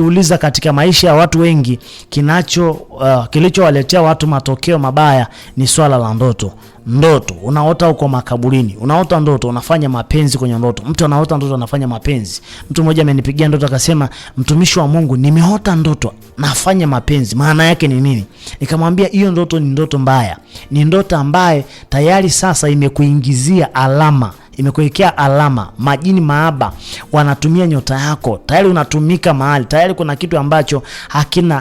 Ukiuliza katika maisha ya watu wengi kinacho uh, kilichowaletea watu matokeo mabaya ni swala la ndoto. Ndoto unaota uko makaburini, unaota ndoto, unafanya mapenzi kwenye ndoto. Mtu anaota ndoto anafanya mapenzi. Mtu mmoja amenipigia ndoto akasema, mtumishi wa Mungu, nimeota ndoto nafanya mapenzi, maana yake ni nini? Nikamwambia hiyo ndoto ni ndoto mbaya, ni ndoto ambaye tayari sasa imekuingizia alama imekuwekea alama. Majini maaba wanatumia nyota yako, tayari unatumika mahali, tayari kuna kitu ambacho hakina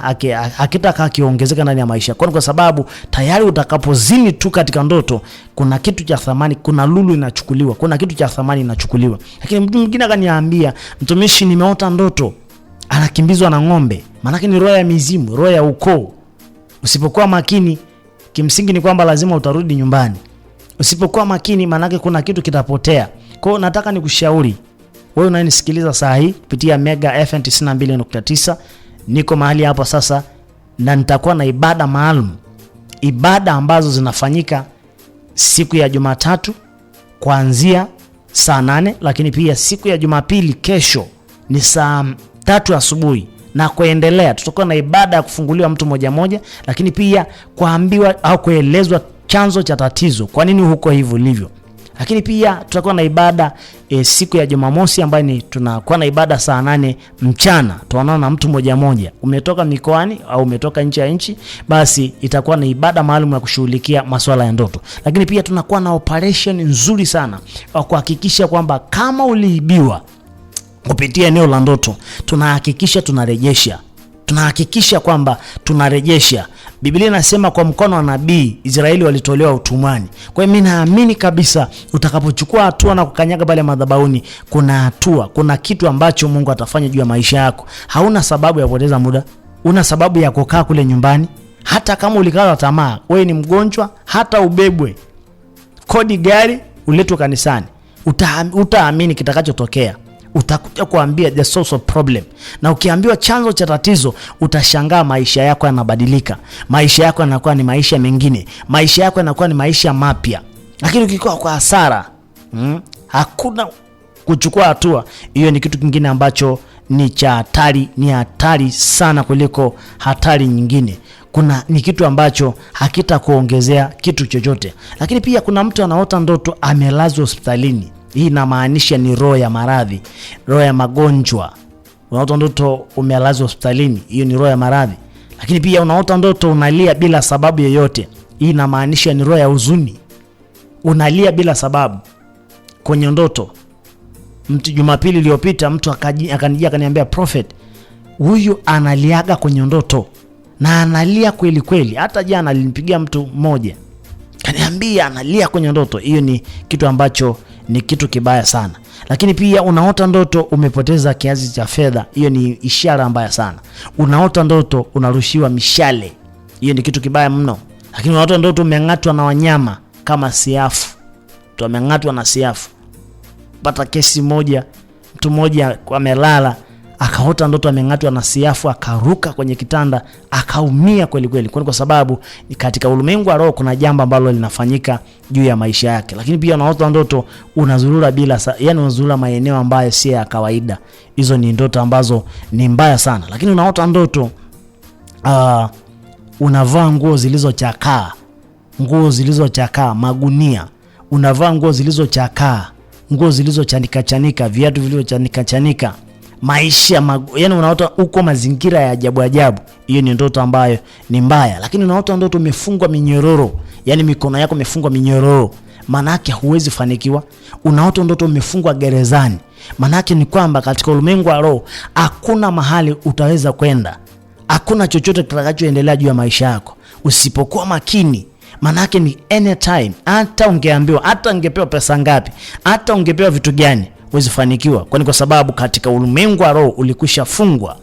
hakitaka kiongezeka ndani ya maisha, kwani kwa sababu tayari utakapozini tu katika ndoto, kuna kitu cha thamani, kuna lulu inachukuliwa, kuna kitu cha thamani inachukuliwa. Lakini mtu mwingine akaniambia, mtumishi, nimeota ndoto anakimbizwa na ng'ombe. Maanake ni roho ya mizimu, roho ya ukoo. Usipokuwa makini, kimsingi ni kwamba lazima utarudi nyumbani. Usipokuwa makini, maanake kuna kitu kitapotea. Kwa hiyo nataka nikushauri wewe unanisikiliza saa hii kupitia Mega FM 92.9, niko mahali hapa sasa, na nitakuwa na ibada maalum, ibada ambazo zinafanyika siku ya Jumatatu kuanzia saa nane, lakini pia siku ya Jumapili kesho ni saa tatu asubuhi na kuendelea, tutakuwa na ibada ya kufunguliwa mtu moja moja, lakini pia kuambiwa au kuelezwa chanzo cha tatizo, kwa nini huko hivyo livyo. Lakini pia tutakuwa na ibada e, siku ya Jumamosi ambayo ni tunakuwa na ibada saa nane mchana. Tunaonana na mtu moja moja, umetoka mikoani au umetoka nje ya nchi, basi itakuwa na ibada maalum ya kushughulikia masuala ya ndoto. Lakini pia tunakuwa na operation nzuri sana kwa kuhakikisha kwamba kama uliibiwa kupitia eneo la ndoto, tunahakikisha tunarejesha tunahakikisha kwamba tunarejesha Biblia inasema kwa mkono wa nabii Israeli walitolewa utumwani. Kwa hiyo mimi naamini kabisa utakapochukua hatua na kukanyaga pale madhabahuni, kuna hatua, kuna kitu ambacho Mungu atafanya juu ya maisha yako. Hauna sababu ya kupoteza muda, una sababu ya kukaa kule nyumbani. Hata kama ulikata tamaa, wewe ni mgonjwa, hata ubebwe kodi gari uletwe kanisani, utaamini uta kitakachotokea utakuja kuambia the source of problem, na ukiambiwa chanzo cha tatizo utashangaa, maisha yako yanabadilika, maisha yako yanakuwa ni maisha mengine, maisha yako yanakuwa ni maisha mapya. Lakini ukikuwa kwa hasara hmm, hakuna kuchukua hatua, hiyo ni kitu kingine ambacho ni cha hatari, ni hatari sana kuliko hatari nyingine. Kuna ni kitu ambacho hakitakuongezea kitu chochote. Lakini pia kuna mtu anaota ndoto amelazwa hospitalini hii inamaanisha ni roho ya maradhi, roho ya magonjwa. Unaota ndoto umelazwa hospitalini, hiyo ni roho ya maradhi. Lakini pia unaota ndoto unalia bila sababu yoyote, hii inamaanisha ni roho ya huzuni. Unalia bila sababu kwenye ndoto. Mtu Jumapili iliyopita mtu akanijia akaniambia, prophet, huyu analiaga kwenye ndoto na analia kweli kweli. Hata jana alinipigia mtu mmoja kaniambia analia kwenye ndoto. Hiyo ni kitu ambacho ni kitu kibaya sana, lakini pia unaota ndoto umepoteza kiasi cha fedha, hiyo ni ishara mbaya sana. Unaota ndoto unarushiwa mishale, hiyo ni kitu kibaya mno. Lakini unaota ndoto umeng'atwa na wanyama kama siafu, mtu ameng'atwa na siafu. Pata kesi moja, mtu mmoja amelala akaota ndoto ameng'atwa na siafu, akaruka kwenye kitanda akaumia kweli kweli, kwani kwa sababu katika ulimwengu wa roho kuna jambo ambalo linafanyika juu ya maisha yake. Lakini pia unaota ndoto unazurura bila, yani unazurura maeneo ambayo si ya kawaida. Hizo ni ndoto ambazo ni mbaya sana. Lakini unaota ndoto uh, unavaa nguo zilizochakaa, nguo zilizochakaa, magunia, unavaa nguo zilizochakaa, nguo zilizochanika chanika, viatu vilivyochanika chanika, chanika maisha magu, yani unaota uko mazingira ya ajabu ajabu. Hiyo ni ndoto ambayo ni mbaya, lakini unaota ndoto umefungwa minyororo, yani mikono yako imefungwa minyororo, manake huwezi fanikiwa. Unaota ndoto umefungwa gerezani, manake ni kwamba katika ulimwengu wa roho hakuna mahali utaweza kwenda, hakuna chochote kitakachoendelea juu ya maisha yako usipokuwa makini manake ni anytime, hata ungeambiwa, hata ungepewa pesa ngapi, hata ungepewa vitu gani, huwezi kufanikiwa, kwani kwa sababu katika ulimwengu wa roho ulikwisha fungwa.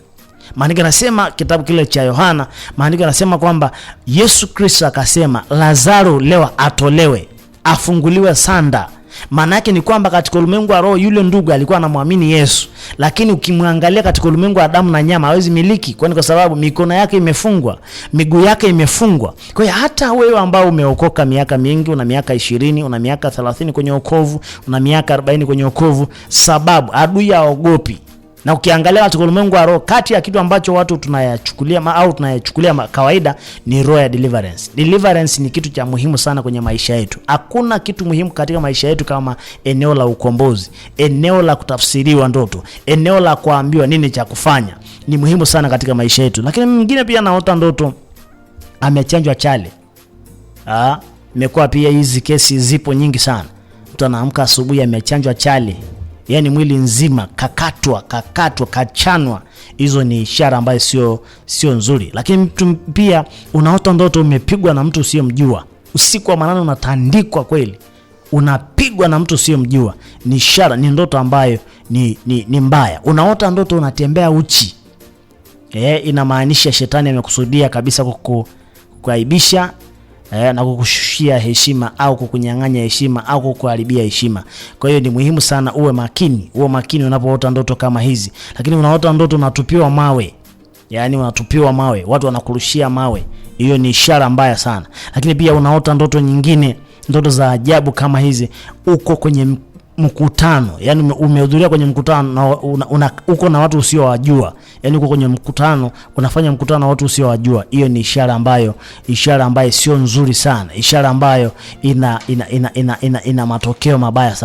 Maandiko yanasema kitabu kile cha Yohana, maandiko yanasema kwamba Yesu Kristo akasema Lazaro leo atolewe, afunguliwe sanda maana yake ni kwamba katika ulimwengu wa roho yule ndugu alikuwa anamwamini Yesu, lakini ukimwangalia katika ulimwengu wa damu na nyama hawezi miliki, kwani kwa sababu mikono yake imefungwa, miguu yake imefungwa. Kwa hiyo hata wewe ambao umeokoka miaka mingi, una miaka ishirini, una miaka thelathini kwenye wokovu, una miaka 40 kwenye wokovu, sababu adui haogopi na ukiangalia katika ulimwengu wa roho, kati ya kitu ambacho watu tunayachukulia au tunayachukulia kawaida ni roho ya deliverance. Deliverance ni kitu cha muhimu sana kwenye maisha yetu. Hakuna kitu muhimu katika maisha yetu kama eneo la ukombozi, eneo la kutafsiriwa ndoto, eneo la kuambiwa nini cha kufanya. Ni muhimu sana katika maisha yetu. Lakini mwingine pia anaota ndoto amechanjwa chale. Ah, imekuwa pia hizi kesi zipo nyingi sana. Mtu anaamka asubuhi amechanjwa chale yani mwili nzima kakatwa kakatwa kachanwa, hizo ni ishara ambayo sio sio nzuri. Lakini mtu pia unaota ndoto umepigwa na mtu usiyemjua usiku wa manane, unatandikwa kweli, unapigwa na mtu usiyemjua, ni ishara, ni ndoto ambayo ni, ni, ni mbaya. Unaota ndoto unatembea uchi, eh, inamaanisha shetani amekusudia kabisa kuku kuaibisha eh, na kukushushia heshima au kukunyang'anya heshima au kukuharibia heshima. Kwa hiyo ni muhimu sana uwe makini, uwe makini unapoota ndoto kama hizi. Lakini unaota ndoto unatupiwa mawe, yaani unatupiwa mawe, watu wanakurushia mawe, hiyo ni ishara mbaya sana. Lakini pia unaota ndoto nyingine, ndoto za ajabu kama hizi, uko kwenye mkutano yani, umehudhuria kwenye mkutano na una, una, uko na watu usiowajua, yani uko kwenye mkutano unafanya mkutano na watu usiowajua, hiyo ni ishara ambayo ishara ambayo sio nzuri sana, ishara ambayo ina, ina, ina, ina, ina, ina matokeo mabaya sana.